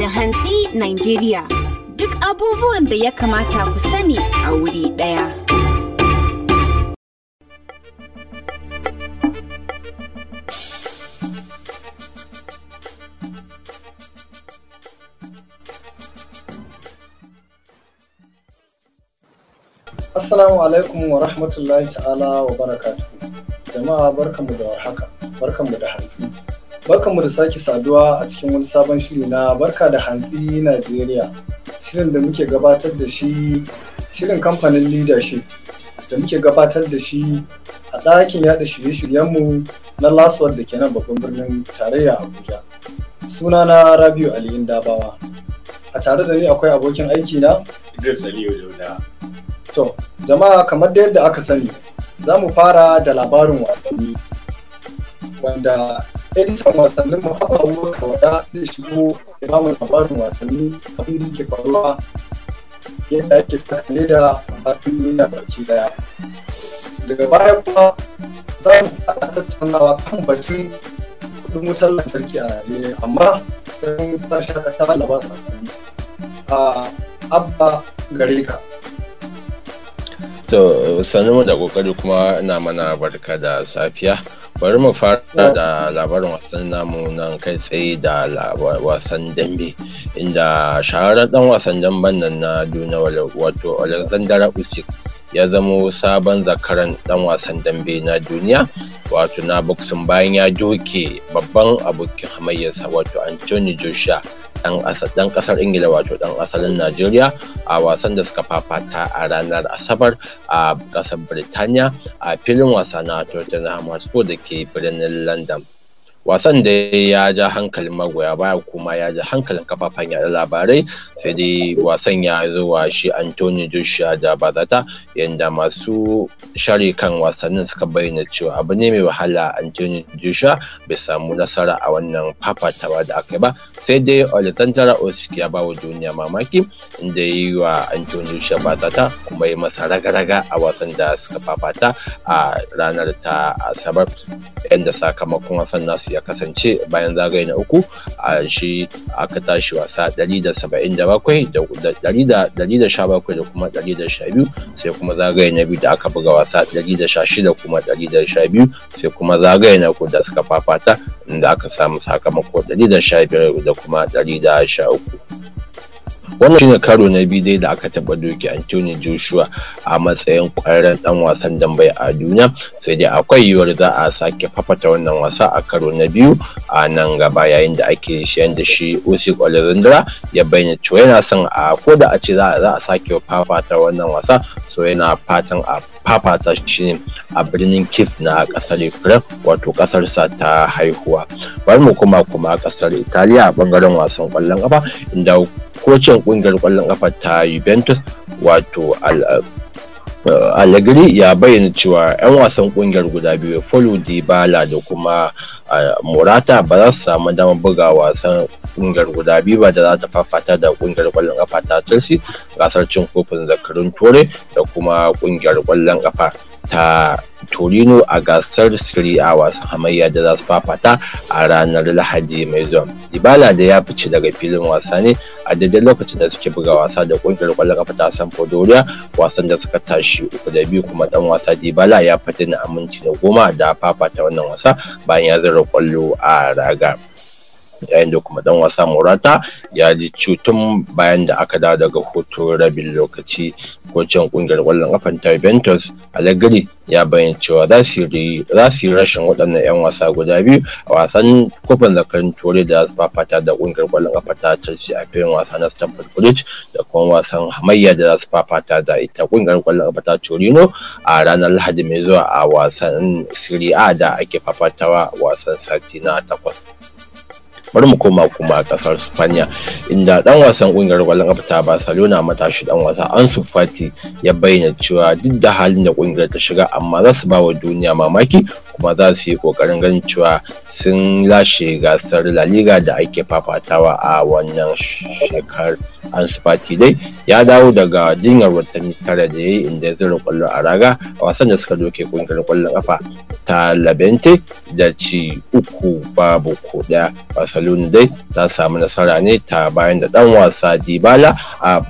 da hantsi Nigeria. Duk abubuwan da ya kamata ku sani a wuri ɗaya. Assalamu alaikum wa rahmatullahi ta'ala wa barakatuhu. Jama'a barkanmu da warhaka, barkanmu da hantsi. mu da sake saduwa a cikin wani sabon shiri na Barka da Hantsi Najeriya. Shirin da muke gabatar da shi shirin kamfanin leadership da muke gabatar da shi a ɗakin yada shirye-shiryenmu na lasuwar da ke nan babban birnin tarayya Abuja. Suna na Rabiu Aliyu Dabawa. A tare da ni akwai abokin aiki na? Idris Aliyu To, jama'a kamar da yadda aka sani, za mu fara da labarin wasanni wanda editan wasannin mu haɓa wuwa kawada zai shigo ya ba labarin wasanni abin da faruwa yadda ake tsakale da faɗin duniya baki daya daga baya kuma za mu faɗa tattaunawa kan batun kudin wutar lantarki a najeriya amma sai mun fara shakatawa labarin wasanni a ah, abba gare ka To da kokari kuma ina mana barka da safiya. Bari mu fara da labarin wasan namu nan kai tsaye da wasan dambe inda shahararren dan wasan damben nan na duniya wato Alexander Usyk ya zamo sabon zakaran dan wasan dambe na duniya wato na boxing bayan ya doke babban abokin hamayyarsa wato Anthony Joshua dan kasar Ingila wato dan asalin Najeriya a wasan da suka fafata a ranar asabar a ƙasar birtaniya a filin wasa na tottenham hotspur da ke birnin london wasan da ya ja hankalin magoya baya kuma ya ja hankalin kafafen yada labarai sai dai wasan ya zuwa shi antonio joshua da bazata yadda masu shari kan wasannin suka bayyana cewa abu ne mai wahala antonio joshua bai samu nasara a wannan fafatawa da aka ba sai dai alexandra osik ya ba wa duniya mamaki inda ya yi wa antonio joshua bazata kuma ya masa raga-raga a wasan da suka fafata a ranar ta asabar yadda sakamakon wasan nasu ya ya kasance bayan zagaye na uku a shi aka tashi wasa 177 da 117 da kuma 112 sai kuma zagaye na biyu da aka buga wasa 116 kuma 112 sai kuma zagaye na uku da suka fafata inda aka samu sakamako 115 da kuma 113 wannan shine karo na biyu dai da aka taba doki Anthony Joshua a matsayin kwararren dan wasan dambe a duniya sai dai akwai yiwuwar za a sake fafata wannan wasa a karo na biyu a nan gaba yayin da ake shayan da shi Usyk Olorundra ya bayyana cewa yana son a koda a ce za a sake fafata wannan wasa so yana fatan a fafata shi ne a birnin Kif na kasar Ukraine wato kasarsa ta haihuwa bari mu kuma kuma kasar Italiya a bangaren wasan kwallon kafa inda kocin kungiyar kwallon kafa ta Juventus wato uh, Allegri ya bayyana cewa 'yan wasan kungiyar guda biyu folo Dybala da kuma Murata, ba za su samu damar buga wasan kungiyar guda biyu ba da za ta fafata da kungiyar kwallon kafa ta chelsea gasar cin kofin zakarun tore da kuma kungiyar kwallon kafa ta torino a gasar siri a wasan hamayya da za su fafata a ranar lahadi mai zuwa Ibala da ya fice daga filin wasa ne a daidai lokacin da suke buga wasa da kungiyar kwallon kafa ta samfodoriya wasan da suka tashi uku da biyu kuma dan wasa Ibala ya fita na aminci na goma da fafata wannan wasa bayan ya zira perlu ada ah, agak yayin da kuma dan wasa Murata, ya ji cutun bayan da aka dawo daga hoto rabin lokaci ko can kungiyar kwallon kafan ta juventus allegri ya bayyana cewa za su yi rashin waɗannan 'yan wasa guda biyu a wasan kofin Zakarin turai da su fafata da kungiyar kwallon kafa ta chelsea a filin wasa na stamford bridge da kuma wasan hamayya da za su fafata da ita kungiyar kwallon kafa ta torino a ranar lahadi mai zuwa a wasan serie a da ake fafatawa wasan sati na takwas bari mu koma kuma kasar spaniya inda dan wasan kungiyar kwallon kafa ta barcelona matashi dan wasa ansu fati ya bayyana cewa duk da halin da kungiyar ta shiga amma za su bawa duniya mamaki kuma za su yi kokarin ganin cewa sun lashe gasar la liga da ake fafatawa a wannan shekar ansu fati dai ya dawo daga jinyar watanni tara da ya yi inda ya zira kwallo a raga a wasan da suka doke kungiyar kwallon kafa ta labente da ci uku babu ko Barcelona dai ta samu nasara ne ta bayan da dan wasa dibala. a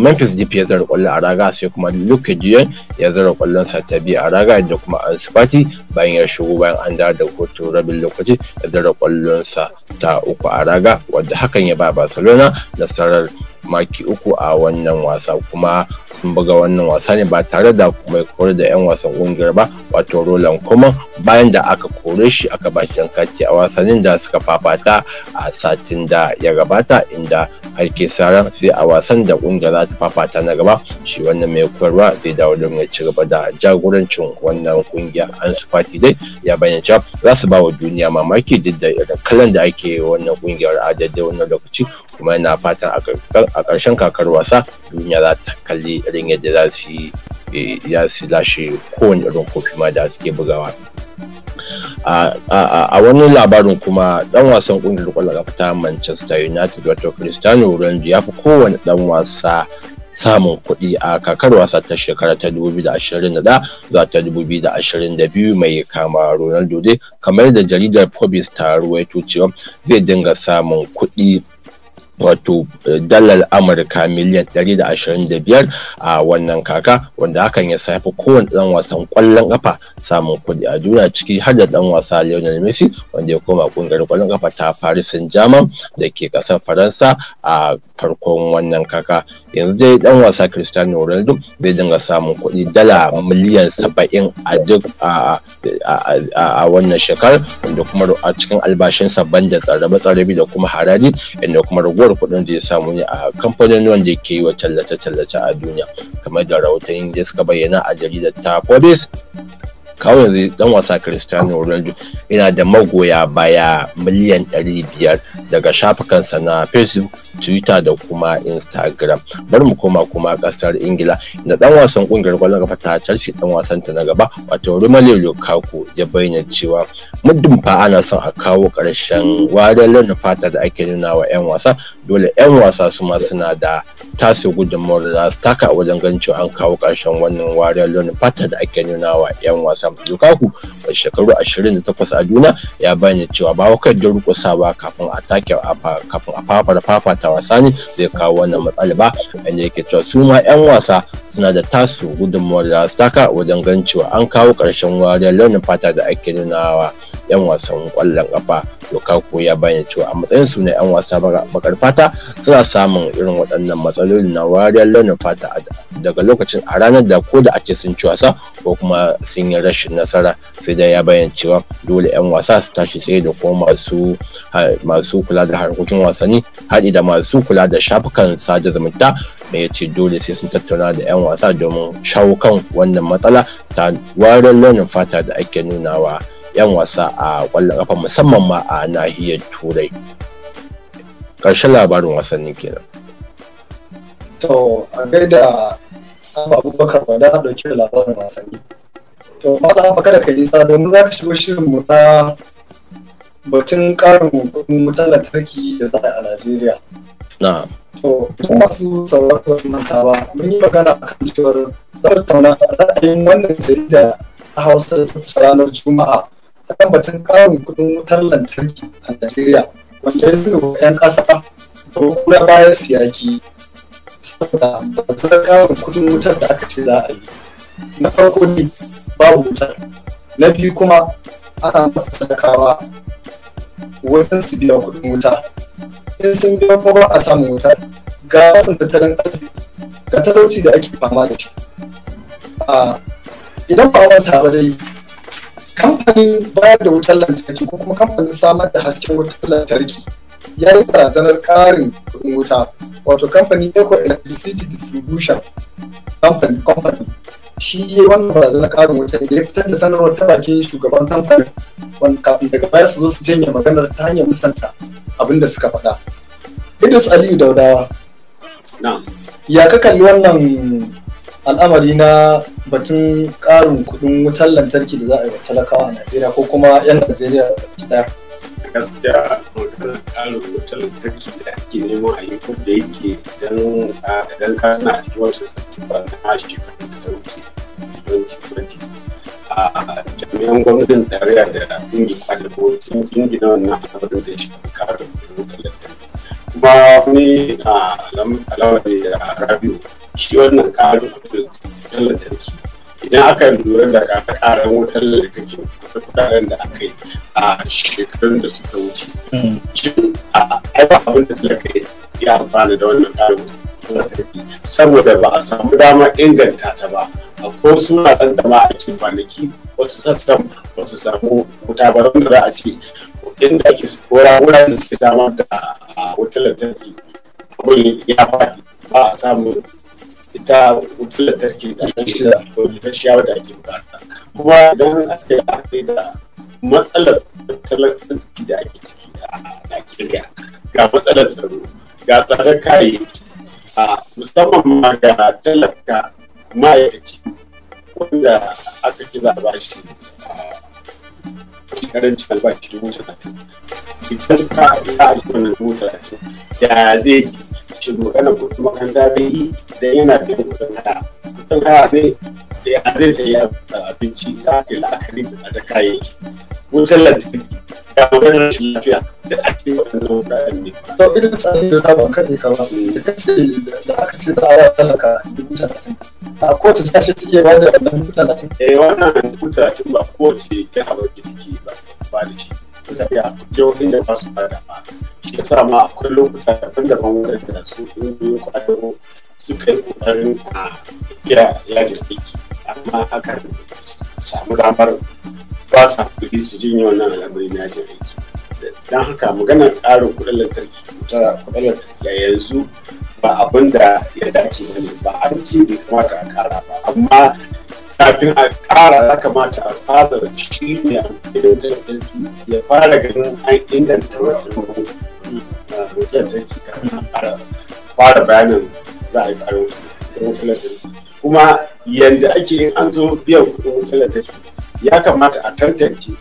Memphis Depay ya zara kwallo a raga sai kuma Luke Dion ya zara kwallon sa ta biyu a raga da kuma Ansu Fati bayan ya shigo bayan an da da hoto rabin lokaci da dare kwallonsa ta uku a raga wadda hakan ya ba barcelona nasarar maki uku a wannan wasa kuma sun buga wannan wasa ne ba tare da mai kore da 'yan wasan ƙungiyar ba wato roland kuma bayan da aka kore shi aka bashi yan kati a wasannin da suka fafata a satin da ya gabata inda ake sara sai a wasan da ƙungiyar za ta fafata na gaba shi wannan mai kwarwa zai dawo don ya ci gaba da jagorancin wannan ƙungiya an su fati dai ya bayyana cewa za su ba wa duniya mamaki duk da irin kalan da ake wannan ƙungiyar a daidai wannan lokaci kuma yana fatan a ƙarshen kakar wasa duniya za ta kalli irin yadda za su yi ya eh, su lashe kowane irin kofi ma da suke bugawa a wani labarin kuma dan wasan kungiyar kwallon kafa ta manchester united wato cristiano ronaldo ya fi kowane dan wasa samun kuɗi a kakar wasa ta shekara ta 2021 za ta 2022 mai kama ronaldo dai kamar da jaridar forbes ta ruwaito cewa zai dinga samun kuɗi wato eh, dalar amurka miliyan 125 a wannan kaka wanda hakan ya saifi kowane dan wasan kwallon kafa samun kudi a duniya ciki har da dan wasa lionel messi wanda ya koma kungiyar kwallon kafa ta paris saint germain da ke kasar faransa a farkon wannan kaka yanzu dai dan wasa cristiano ronaldo zai dinga samun kudi dala miliyan 70 a duk a wannan shekarar wanda kuma a cikin albashinsa banda tsarabe-tsarabe da kuma haraji inda kuma raguwar tarin kuɗin da ya samu ne a kamfanin wanda ke yi wa tallace-tallace a duniya kamar da rahoton da suka bayyana a jaridar ta forbes Kawai yanzu dan wasa cristiano ronaldo yana da magoya baya miliyan 500 daga shafukansa na facebook twitter da kuma instagram bari mu koma kuma kasar ingila da dan wasan kungiyar kwallon kafa ta chelsea dan wasan ta na gaba wato romelu lukaku ya bayyana cewa muddin fa ana son a kawo karshen wariyar fata da ake nuna wa yan wasa dole 'yan wasa su ma suna da tasi, gudunmawar da su taka a wajen ganin cewa an kawo ƙarshen wannan wariyar launin fata da ake nuna wa 'yan wasa Lukaku mai shekaru 28 a juna ya bayyana cewa ba wakar da ba kafin a take kafin a fafar ta wasa ne zai kawo wannan matsala ba inda yake cewa su ma 'yan wasa suna da tasu gudunmawar da su taka wajen ganin cewa an kawo ƙarshen wariyar launin fata da ake nuna wa 'yan wasan kwallon kafa Lukaku ya bayyana cewa a matsayin su ne 'yan wasa bakar fata fata suna samun irin waɗannan matsaloli na wariyar launin fata daga lokacin a ranar da ko da ake sun ci wasa ko kuma sun yi rashin nasara sai dai ya bayyana cewa dole 'yan wasa su tashi tsaye da kuma masu kula da harkokin wasanni haɗi da masu kula da shafukan sada zumunta Me ya ce dole sai sun tattauna da 'yan wasa domin shawo kan wannan matsala ta wariyar launin fata da ake nunawa 'yan wasa a ƙwallon kafa musamman ma a nahiyar turai ƙarshen labarin wasannin kenan. To, a gaida abubakar ba da ɗauki labarin wasanni. To, mala haka da ka yi domin za ka shigo shirin mu na batun ƙarin wutar lantarki da za a Najeriya. Na. To, kuma masu sauraron wasu manta ba, mun yi magana a kan cewar zartauna ra'ayin wannan jarida a Hausa da ta ranar Juma'a a kan batun ƙarin kuɗin wutar lantarki a Najeriya. wanda suka yan ƙasa ko kuma bayan siyaki saboda bazar karin kudin wutar da aka ce za a yi na farko ne babu wutar na biyu kuma ana masa sadakawa wajen su biya kudin wuta in sun biya kuma ba a samun wutar ga wasan tattalin arziki ga talauci da ake fama da shi ah, idan ba wata ba dai kamfanin bayar da wutar lantarki ko kuma kamfanin samar da hasken wutar lantarki ya yi barazanar karin kudin wuta wato kamfanin eco electricity distribution company company shi ya yi wannan barazanar karin wuta da ya fitar da sanarwar ta bakin shugaban kamfanin wanda kafin daga baya su zo su janye maganar ta hanyar musanta abinda suka faɗa idris aliyu daudawa ya ka kalli wannan al'amari na batun ƙarin kuɗin wutar lantarki da za a yi wa talakawa a Najeriya ko kuma 'yan Najeriya ɗaya. Gaskiya maganar karin wutar lantarki da ake nemo a yi ko da yake idan ka suna cikin wata satumba na shekaru da ta wuce 2020. A jami'an gwamnatin tarayya da ko cikin sun jingina wannan al'amarin da shi ƙarin wutar lantarki. Kuma wani alamari da rabiu shi wannan karin kudin wutar lantarki idan aka lura da karan wutar lantarki da kudaden da aka yi a shekarun da suka wuce hmm. shin a aiwa abin da talaka ya amfana da wannan karin lantarki saboda ba a samu dama inganta ta ba a ko suna san dama a cikin kwanaki wasu sassan wasu samu wuta ba da za a ce inda ake wuraren da suke samar da wutar lantarki abin ya faɗi ba a samu ita wutar lantarki kasan shida ko yawa da ake bukata kuma idan aka yi aka yi da matsalar tattalin arziki da ake ciki a nigeria ga matsalar tsaro ga tsadar kayayyaki a musamman ma ga talaka ma'aikaci wanda aka ci za a ba shi karancin albashi dubu talatin idan ka ya aji wannan dubu talatin ya zai ce magana kuɗin kan bai yi idan yana da kudin haya kudin haya ne da ya zai saya abinci ta ake la'akari da kayayyaki wutar lantarki ya magana rashin lafiya da ake waɗannan wuraren ne. to idan tsari da ta ban ne ka ba da kace da aka ce za a wa talaka dubu talatin a kowace ta ce take ba da dubu talatin. eh wannan dubu talatin ba kowace kirki ba ba da shi. tafiya jihohin da ba su ba da ba shi yasa ma akwai lokuta daban-daban wadanda su ƙungiyoyin kwadaro suka yi ƙoƙarin a iya yajin aiki amma aka samu damar ba sa kuɗi su jinye wannan al'amari na yajin aiki don haka maganar ƙarin kuɗin lantarki ta kuɗin lantarki a yanzu ba abin da ya dace ba ne ba an ce bai kamata a ƙara ba amma kafin a ƙara ya kamata a fara shi ne a ya fara ganin an inganta wata da ke kafin a fara bayanin za a yi kuma yadda ake yin an zo biyan kudin wutar ya kamata a tantance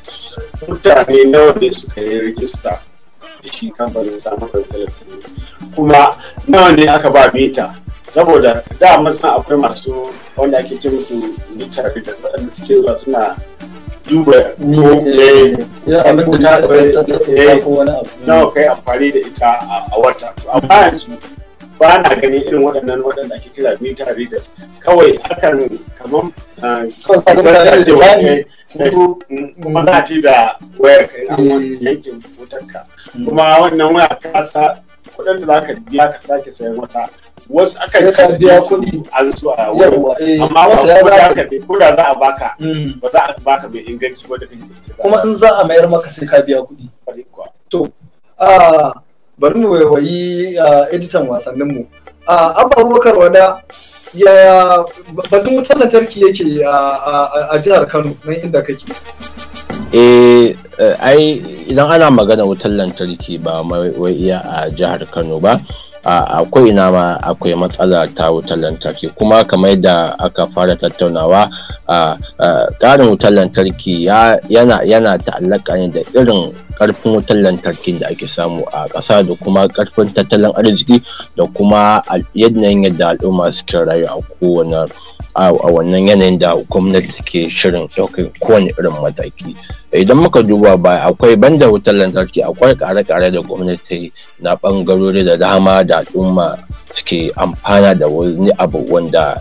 mutane nawa ne suka yi rijista da shi kamfanin samun kuma nawa ne aka ba mita saboda da mun akwai masu wanda ake ce mutu mai tare da waɗanda suke zuwa suna duba nawa kai amfani da ita a wata amma yanzu ba na ganin irin waɗannan waɗanda ake kira meter readers kawai akan ah, kamar kuma za ta eh, eh, da wayar kai a mm. yankin wutarka mm. kuma wannan waya kasa sa kuɗin da za ka biya ka sake sayan wata wasu akan kan biya kuɗi an zuwa wani amma eh, wasu ya za a kaɗe ko da za a baka mm. ba za a baka mai inganci wanda kake da kuma in za a mayar maka sai ka biya kuɗi to bari mu waiwayi editan wasannin mu. abubakar wada ya batun wutar lantarki yake a jihar kano nan inda kake eh, eh ai idan ana magana wutar lantarki ba wai iya a jihar kano ba akwai ina ma akwai matsala ta wutar lantarki kuma kamar da aka fara tattaunawa a ƙarin wutar lantarki yana ta'allaka ne da irin karfin wutar lantarki da ake samu a ƙasa da kuma karfin tattalin arziki da kuma yanayin yadda al'umma suke rayu a kowane a wannan yanayin da gwamnati ke shirin ɗaukar kowane irin mataki idan muka duba ba akwai banda wutar lantarki akwai kare-kare da gwamnati na bangarori da dama da al'umma suke amfana da wani abu wanda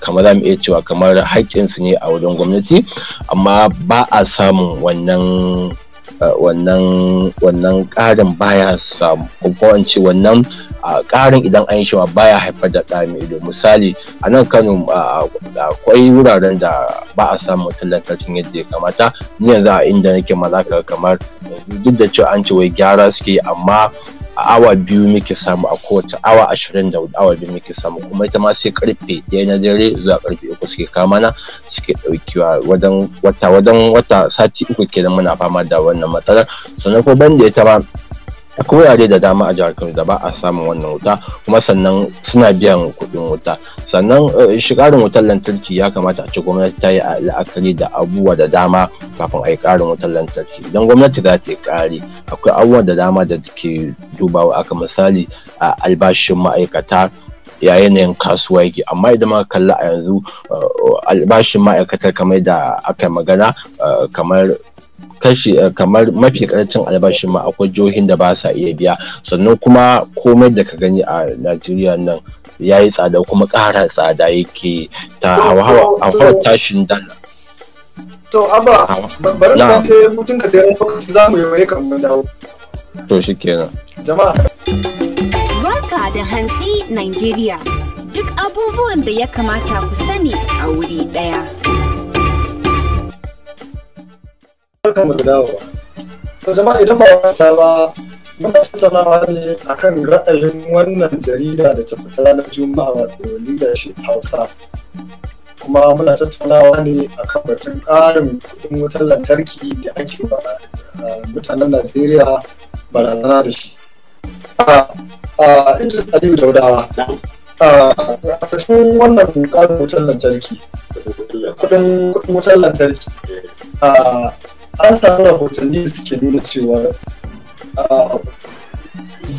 kamar za mu iya cewa kamar haƙƙinsu ne a wajen gwamnati amma ba a samun wannan wannan wannan ƙarin baya samu ko an ce wannan ƙarin idan an yi shi baya haifar da ɗami ido misali a nan kano akwai wuraren da ba a samu tallafin yadda ya kamata ni yanzu a inda nake ma kamar duk da cewa an ce wai gyara suke amma A awa biyu muke samu a kowace awa ashirin da awa biyu muke samu kuma ita ma sai karfe ɗaya na dare zuwa karfe uku suke kama na suke ɗaukewa wajen wata wajen wata sati uku kenan muna fama da wannan matsalar sannan ko banda ita ma akwai wurare da dama a jihar Kano da ba a samun wannan wuta kuma sannan suna biyan kuɗin wuta sannan eh, shigarin wutar lantarki ya kamata a ce gwamnati ta yi la'akari da abubuwa da dama kafin a yi ƙarin wutar lantarki idan gwamnati za ta yi ƙari akwai abubuwa da dama da ke dubawa aka misali a albashin ma'aikata ya yanayin kasuwa yake amma idan muka kalla a yanzu eh, albashin ma'aikatar kamar da aka magana eh, kamar kashi kamar mafi karancin albashin ma akwai jihohin da ba sa iya biya sannan kuma komai da ka gani a najeriya nan ya yi tsada kuma ƙara tsada yake ta hawa tashin dala to abba ah, bari na ce mutum ka tayar lokaci za mu yi wai kan dawo to shi kenan jama'a barka da hantsi Nigeria duk abubuwan da ya kamata ku sani a wuri ɗaya. Barka mu da To, Jama'a idan ba wata ba tattaunawa ne a kan ra'ayin wannan jarida da ta fita ranar juma'a wato leadership hausa kuma muna tattaunawa ne a kan batun ƙarin kuɗin wutar lantarki da ake ba mutanen najeriya barazana da shi A idris aliyu daudawa a ƙarshen wannan ƙarin wutar lantarki kuɗin wutar lantarki an samu rahotanni suke nuna cewa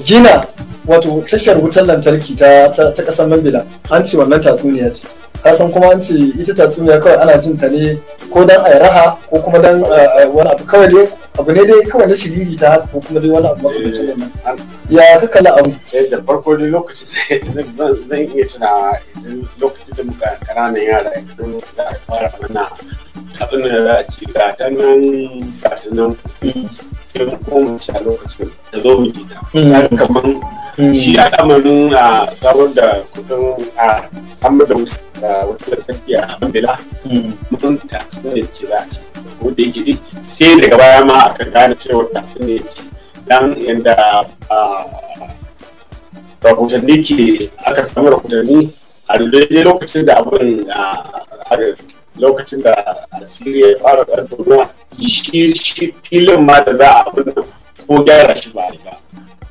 gina wato tashar wutar lantarki ta ta kasar mabila an ce wannan tatsuniya ce kasan kuma an ce ita tatsuniya kawai ana jin ta ne ko dan a raha ko kuma dan wani abu kawai dai abu ne dai kawai na shiriri ta haka ko kuma dai wani abu makamancin wannan ya ka la abu eh, da farko dai lokaci zan iya tuna lokacin da muka kananan yara idan za a fara mana tatsuniya za a ce ga ta nan ga ta nan ashirin ko mu ci a lokacin da zo mu gida. Kamar shi al'amarin a samar da kudin a samar da wata lantarki a Bambila mun ta sanar da ce za a ce ko da yake sai daga baya ma aka gane cewa ta ne ce dan yadda rahotanni ke aka samu rahotanni a daidai lokacin da abin lokacin da asiri ya fara ƙarfi ruwa shi shi filin ma da za a abin ko gyara shi ba ba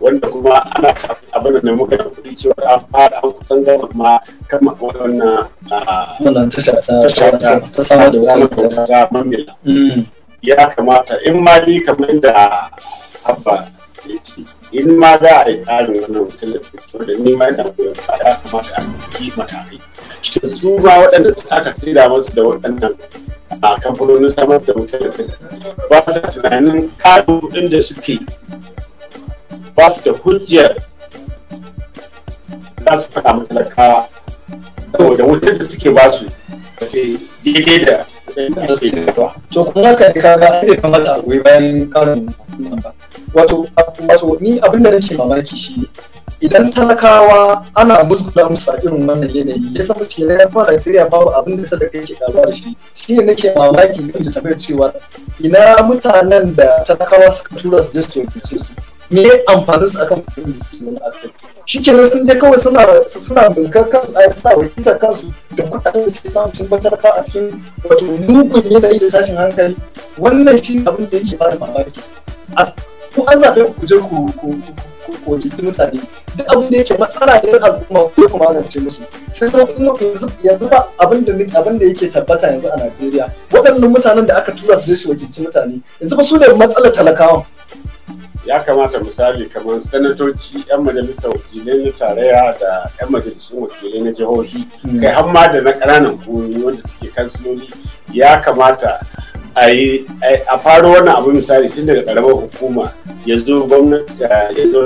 wanda kuma ana kafin abin da muka da kuɗi cewa an fara an kusan gama ma kama wannan ah, wannan tasha ta ta sama da wata ta mamila mm. ya kamata in ma ni kamar da abba in ma za a yi ƙarin wannan mutum da ni ma yana goyon ba ya kamata a yi matakai shi su ba waɗanda aka saida masu da waɗannan a kamfanonin samar da wutar ba sa tunanin ƙarin kuɗin da suke ba su da hujjar za su faɗa matalakawa saboda wutar da suke ba su daidai da yi to kuma haka ne kaga ai kamata a goyi bayan karin kuɗin ba wato wato ni abin da nake mamaki shi idan talakawa ana musgula musu a irin wannan yanayi ya samu ce ya a Najeriya babu abin da sadaka yake karuwa da shi shi ne nake mamaki game da tambayar cewa ina mutanen da talakawa suka tura su je su wakilce su me yi amfanin su akan mutum da suke zaune a kai shi nan sun je kawai suna suna bulkar kansu a suna wakiltar kansu da kuɗaɗen da suke samu sun bacar ka a cikin wato mugun yanayi da tashin hankali wannan shi abin da yake bada mamaki a ku an zaɓe ku je ku ko jikin mutane duk abin da yake matsala ne al'umma ko kuma magance musu sai sai kuma yanzu yanzu ba abin da abin da yake tabbata yanzu a Najeriya waɗannan mutanen da aka tura su je su wakilci mutane yanzu ba su ne matsalar talakawa ya kamata misali kamar sanatoci 'yan majalisar wakilai na tarayya da 'yan majalisun wakilai na jihohi hmm. kai har ma da na kananan hukumomi wanda suke kansiloli ya kamata a faro wannan abu misali tun daga karamar hukuma ya zo gwamnati ya zo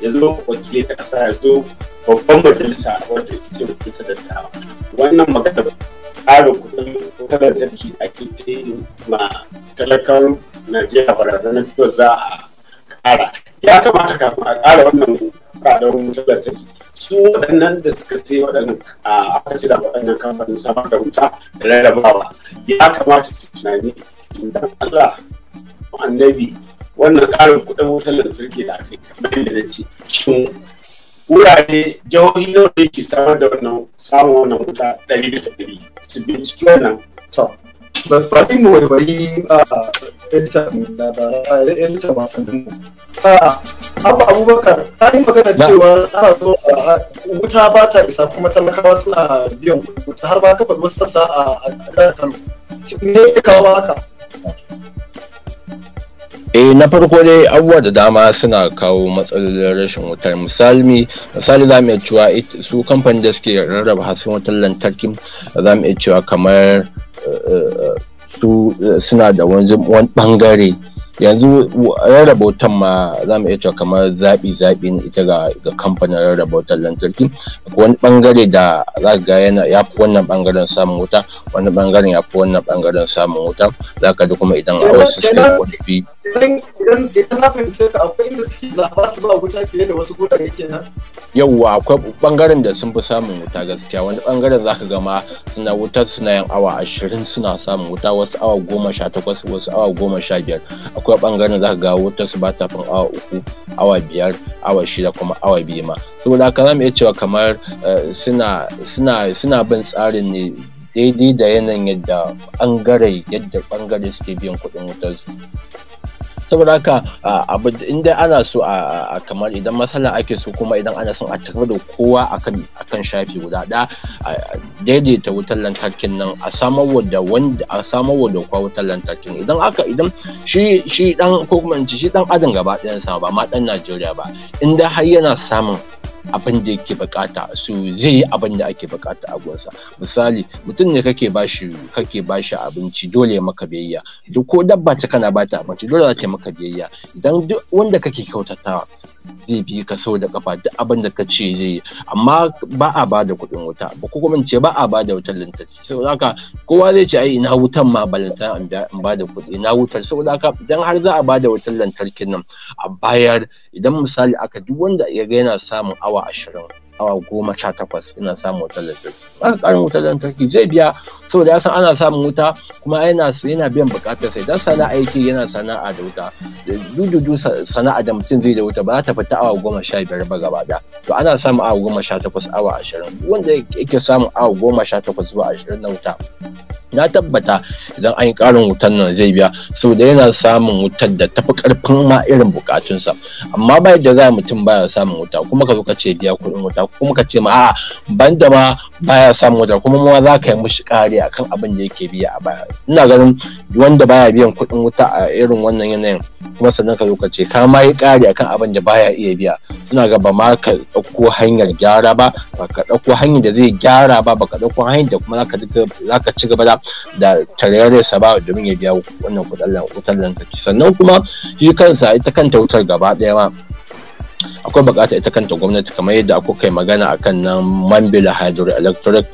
ya zo wakilai ta kasa ya zo babban majalisa wato ita ce majalisa da ta wannan magana ƙarin kuɗin wutar lantarki da ake ta yi ma talakar najeriya barazanar za a ƙara ya kamata kafin a ƙara wannan kuɗaɗen wutar su waɗannan da suka ce waɗannan aka ce da waɗannan kamfanin samar da wuta da rarrabawa ya kamata su tunani dan Allah annabi wannan ƙarin kuɗin wutar lantarki da aka yi kamar yadda na ce shin wurare jihohi nawa ne ke samar da wannan samun wannan wuta ɗari bisa ɗari su binciki wannan to bari mu waiwayi a editan labarai wasannin mu abu abubakar ta yi magana cewa ana wuta ba ta isa kuma talakawa suna biyan wuta har ba kafa wasu sassa a jihar kano me ya kawo haka E na farko dai abubuwa da dama suna kawo matsalolin rashin wutar misali misali za mu iya cewa su kamfanin da suke rarraba hasken wutar lantarki za mu iya cewa kamar eh, eh, su suna da wani bangare yanzu rarraba wutan ma za mu iya cewa kamar zaɓi zaɓi ne ita ga kamfanin rarraba wutar lantarki wani bangare da za ga yana ya fi wannan bangaren samun wuta wani bangaren ya fi wannan bangaren samun wuta za ka ji kuma idan a wasu suke wani idan idan na fahimci ka akwai inda suke zaba su ba wuta fiye da wasu gurare kenan yawwa akwai ɓangaren da sun fi samun wuta gaskiya wani ɓangaren za ka gama suna wutar suna yin awa ashirin suna samun wuta wasu awa goma sha takwas wasu awa goma sha biyar akwai ɓangaren za ka ga wutar su ba ta awa uku awa biyar awa shida kuma awa biyu ma saboda haka za mu iya cewa kamar eh, suna suna suna bin tsarin ne daidai da yanayin yadda ɓangare yadda bangare suke biyan kuɗin wutar saboda haka abu inda ana so a kamar idan matsala ake so kuma idan ana son a tafi da kowa akan shafi guda da daidaita wutar lantarkin nan a samarwa da wanda a samarwa da kowa wutar lantarkin idan aka idan shi dan ko shi dan adam gaba ɗayan sa ba ma dan Najeriya ba inda har yana samun abin da yake bukata su zai yi abin da ake bukata a gonsa misali mutum ne kake bashi kake bashi abinci dole ya maka biyayya duk ko dabba ta kana bata abinci dole za ta maka biyayya idan duk wanda kake kyautatawa zai bi ka sau da kafa duk abin da ka ce zai yi amma ba a ba da kuɗin wuta ba ko kuma ce ba a ba da wutar lantarki da aka kowa zai ce ai ina wutan ma balanta in ba da kuɗi ina wutar saboda ka idan har za a ba da wutar lantarki nan a bayar idan misali aka duk wanda ya ga yana samun awa ashirin awa goma sha takwas ina samun wutar lantarki ana ƙarin wutar lantarki zai biya saboda ya san ana samun wuta kuma yana yana biyan bukatar sai dan sana aiki yana sana'a da wuta dudu sana'a da mutum zai da wuta ba za ta fita awa goma sha biyar ba gaba da to ana samun awa goma sha takwas awa ashirin wanda yake samun awa goma sha takwas zuwa ashirin na wuta na tabbata idan an yi ƙarin wutar nan zai biya saboda yana samun wutar da tafi karfin ma irin bukatunsa amma ba da za mutum baya samun wuta kuma ka zo ka ce biya kuɗin wuta Kuma ka ce ma a'a da ma baya samun wajen kuma ma za ka yi mushi kare akan abin da yake biya a baya ina ganin wanda baya biyan kuɗin wuta a irin wannan yanayin kuma sannan ka zo ka ce ka ma yi kare akan abin da baya iya biya ina ga ba ma ka ɗauko hanyar gyara ba ba ka ɗauko hanyar da zai gyara ba ba ka ɗauko hanyar da kuma za ka ci gaba da tarayyar sa ba domin ya biya wannan kuɗin wutar lantarki sannan kuma shi kansa ita kanta wutar gaba ɗaya ma akwai bukata ita kanta gwamnati kamar yadda akwai kai magana akan nan mambila hydroelectric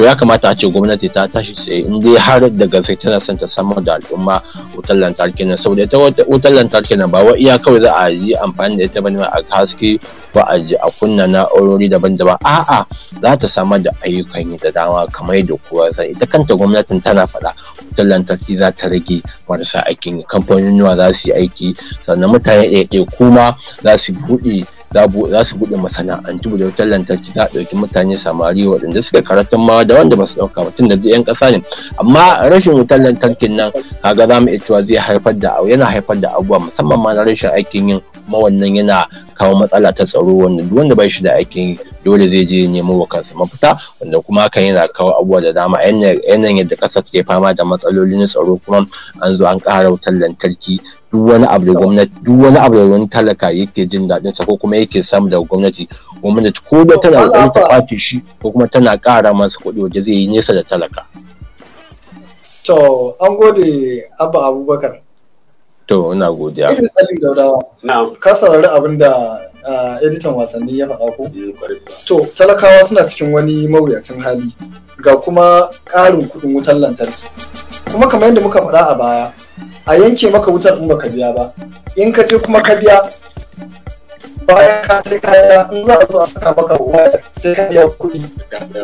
to ya kamata a ce gwamnati ta tashi tsaye in dai har da gaske tana son ta samar da al'umma wutar lantarki nan saboda ita wutar lantarki nan ba wa iya kawai za a yi amfani da ita bane a haske ba a ji a kunna na'urori daban-daban a'a za ta samar da ayyukan yi da dama kamar yadda kowa san ita kanta gwamnatin tana faɗa wutar lantarki za ta rage marasa aikin kamfanonuwa za su yi aiki sannan mutane ɗaya kuma za su buɗe za su buɗe masana'antu da wutar lantarki za a ɗauki mutane samari waɗanda suka karatun ma da wanda ba su ɗauka mutum da yan ƙasa ne amma rashin wutar lantarkin nan kaga za mu iya cewa zai haifar da yana haifar da abubuwa musamman ma na rashin aikin yin mawannan wannan yana kawo matsala ta tsaro wanda duk wanda bai da aikin dole zai je nemo wa kansa mafita wanda kuma hakan yana kawo abubuwa da dama yanayin yadda ƙasa take fama da matsalolin tsaro kuma an zo an ƙara wutar lantarki duk wani abu da gwamnati duk wani abu da wani talaka yake jin daɗin sa ko kuma yake samu daga gwamnati gwamnati ko da tana ƙoƙarin ta kwace shi ko kuma tana ƙara masa kuɗi waje zai yi nesa da talaka. To an gode abu Abubakar. To, ina godiya. Ina Ali Daudawa. Na'am. Ka saurari abin da editan wasanni ya faɗa ko? Eh, to, talakawa suna cikin wani mawuyacin hali ga kuma ƙarin kuɗin wutar lantarki. Kuma kamar yadda muka faɗa a baya, a yanke maka wutar in baka biya ba. In ka je kuma ka biya, bayan ka sai ka ya in za a zo a saka maka waya sai ka biya kuɗi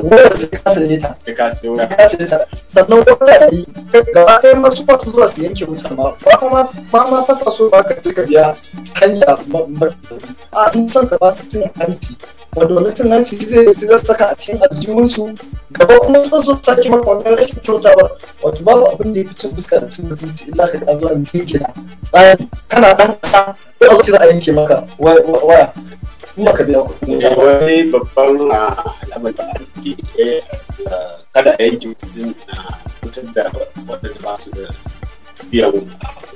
waya sai ka saye ta sai ka saye ta sannan waya da yi gaba ɗaya masu masu zuwa su yanke wutar ma ba ma ba ma fasa so ba ka je ka biya hanya mafi a sun san ka ba su cin abinci. wanda wannan cin hanci zai sai saka a cikin aljihunsu gaba kuma su zo sake maka wannan rashin kyauta ba. wato babu abin da ya fi cin fuskar cin mutunci illa ka ga zuwa yanzu ke da tsari kana dan kasa ko a zo ce za a yanke maka waya in ka biya kuɗi. wani babban ah, alamar da arziki eh, ah, kada a yanke na ah, mutum da waɗanda ba su da biyan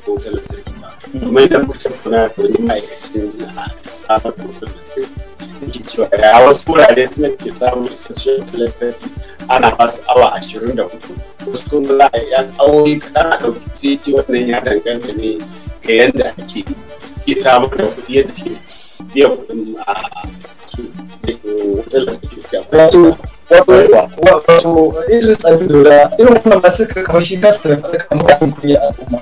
kuɗin lantarki ba. Kuma yadda kuka kuna wani ma'aikacin samar da mutum da yake ya wasu wurare suna ke samun isasshen lantarki ana ba su awa ashirin da hudu wasu kuma za a yi yan awoyi kaɗan a ɗauki sai ce wannan ya danganta ne ga yadda ake ke samun da kuɗi yadda ke biya kuɗin a su wutar lantarki su ya wato wato irin tsarin lura irin wannan kamar shi da kamar al'umma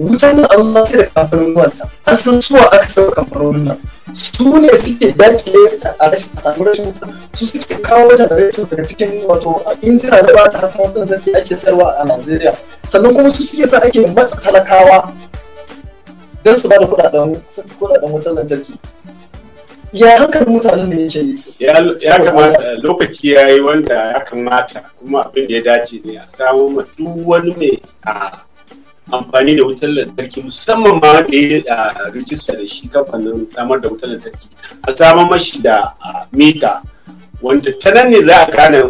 wutan nan an sai da kafin wanta an san suwa aka sauka kamfanonin nan su ne suke dakile a rashin samun rashin wuta su suke kawo da janareto daga cikin wato injina da ba ta hasan wata da ake sayarwa a Najeriya sannan kuma su suke sa ake matsa talakawa don su ba da kudaden wutar lantarki ya hankalin mutanen ne yake yi ya kamata lokaci ya yi wanda ya kamata kuma abin da ya dace ne a samu duk wani mai a amfani da wutar lantarki musamman ma da ya rijista da shi kamfanin samar da wutar lantarki a samar mashi da mita wanda ta nan ne za a gane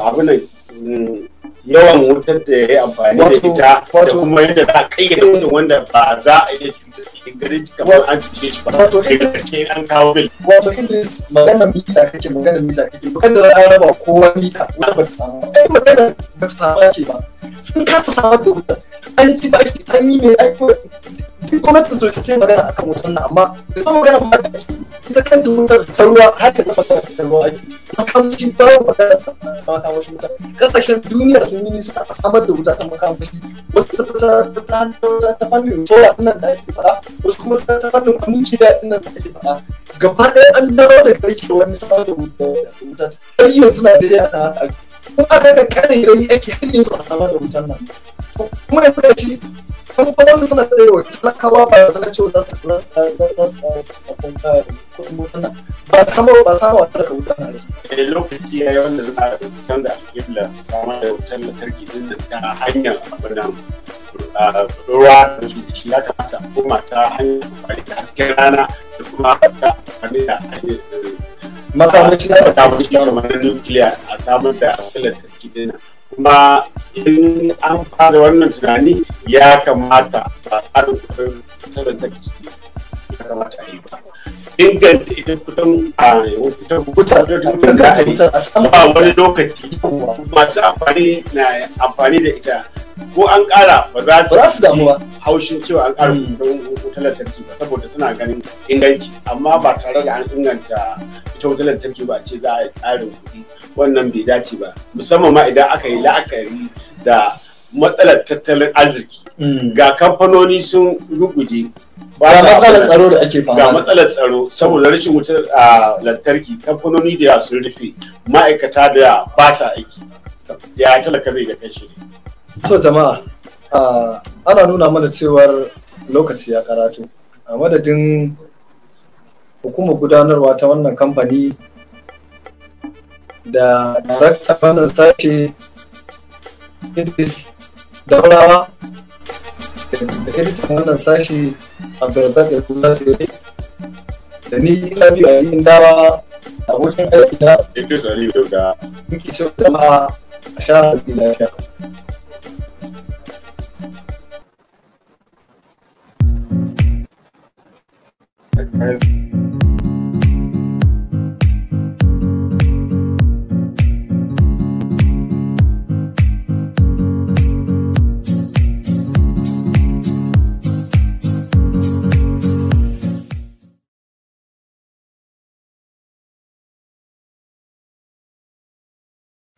abinan yawan wutar da ya yi amfani da ita da kuma yadda ta a kayyade wani wanda ba za a iya cutar cikin garin kamar an cuce shi ba wato gaske an kawo bil wato Idris magana mita kake magana mita kake da an raba kowa mita wata ba ta samu ai magana ba ta samu ke ba sun kasa samu da wuta an ci ba shi an yi mai aiko duk gwamnatin sosai ce magana akan wutar na amma da sama magana ba ta ita kanta wutar ta ruwa har ta zama ta ruwa ake makamashin babu magana samar kasashen duniya sun yi nisa a samar da wuta ta makamashi wasu ta ta fannin sola ɗin da ake faɗa wasu kuma ta ta fannin nukiliya ɗin faɗa gaba ɗaya an dawo da karshe wani samar da wuta har yanzu na haka kuma aka ga kare ake har yanzu a samar da wutan nan kuma kuma suna da yawa talakawa ba zana cewa za su za su kuɗin wutan ba samu ba wata daga wutan nan eh, lokaci ya yi wanda samar da hanyar ruwa da shi ya kamata a koma ta hanyar hasken rana da kuma ta amfani da hanyar eh, makamashi da makamashi da kamar nukiliya a samar da lantarki din nan kuma in an fara wannan tunani ya kamata ba a kudin tattalin da ya kamata a yi ba inganta ita kudin a wutar a samuwa wani lokaci masu amfani na amfani da ita ko an kara ba za su damu ba haushin cewa an kara hmm. kudin wutar lantarki ba saboda suna ganin inganci amma ba tare da an inganta ita wutar lantarki ba ce za a yi karin kuɗi wannan bai dace ba musamman ma idan aka yi la'akari da matsalar tattalin arziki mm. ga kamfanoni sun ruguje ga matsalar tsaro da ake fama ga matsalar tsaro saboda rashin wutar lantarki kamfanoni da sun rufe ma'aikata da ba sa aiki ya talaka zai da kashi to jama'a ana nuna mana cewar lokaci ya karatu a madadin hukumar gudanarwa ta wannan kamfani da darakta wannan sashi idris daurawa da editan wannan sashi abdulrazak yakuza sere da ni rabi a yin dawa wucin aiki na idris ali dauda muke cewa jama'a a sha hatsi lafiya Thank you.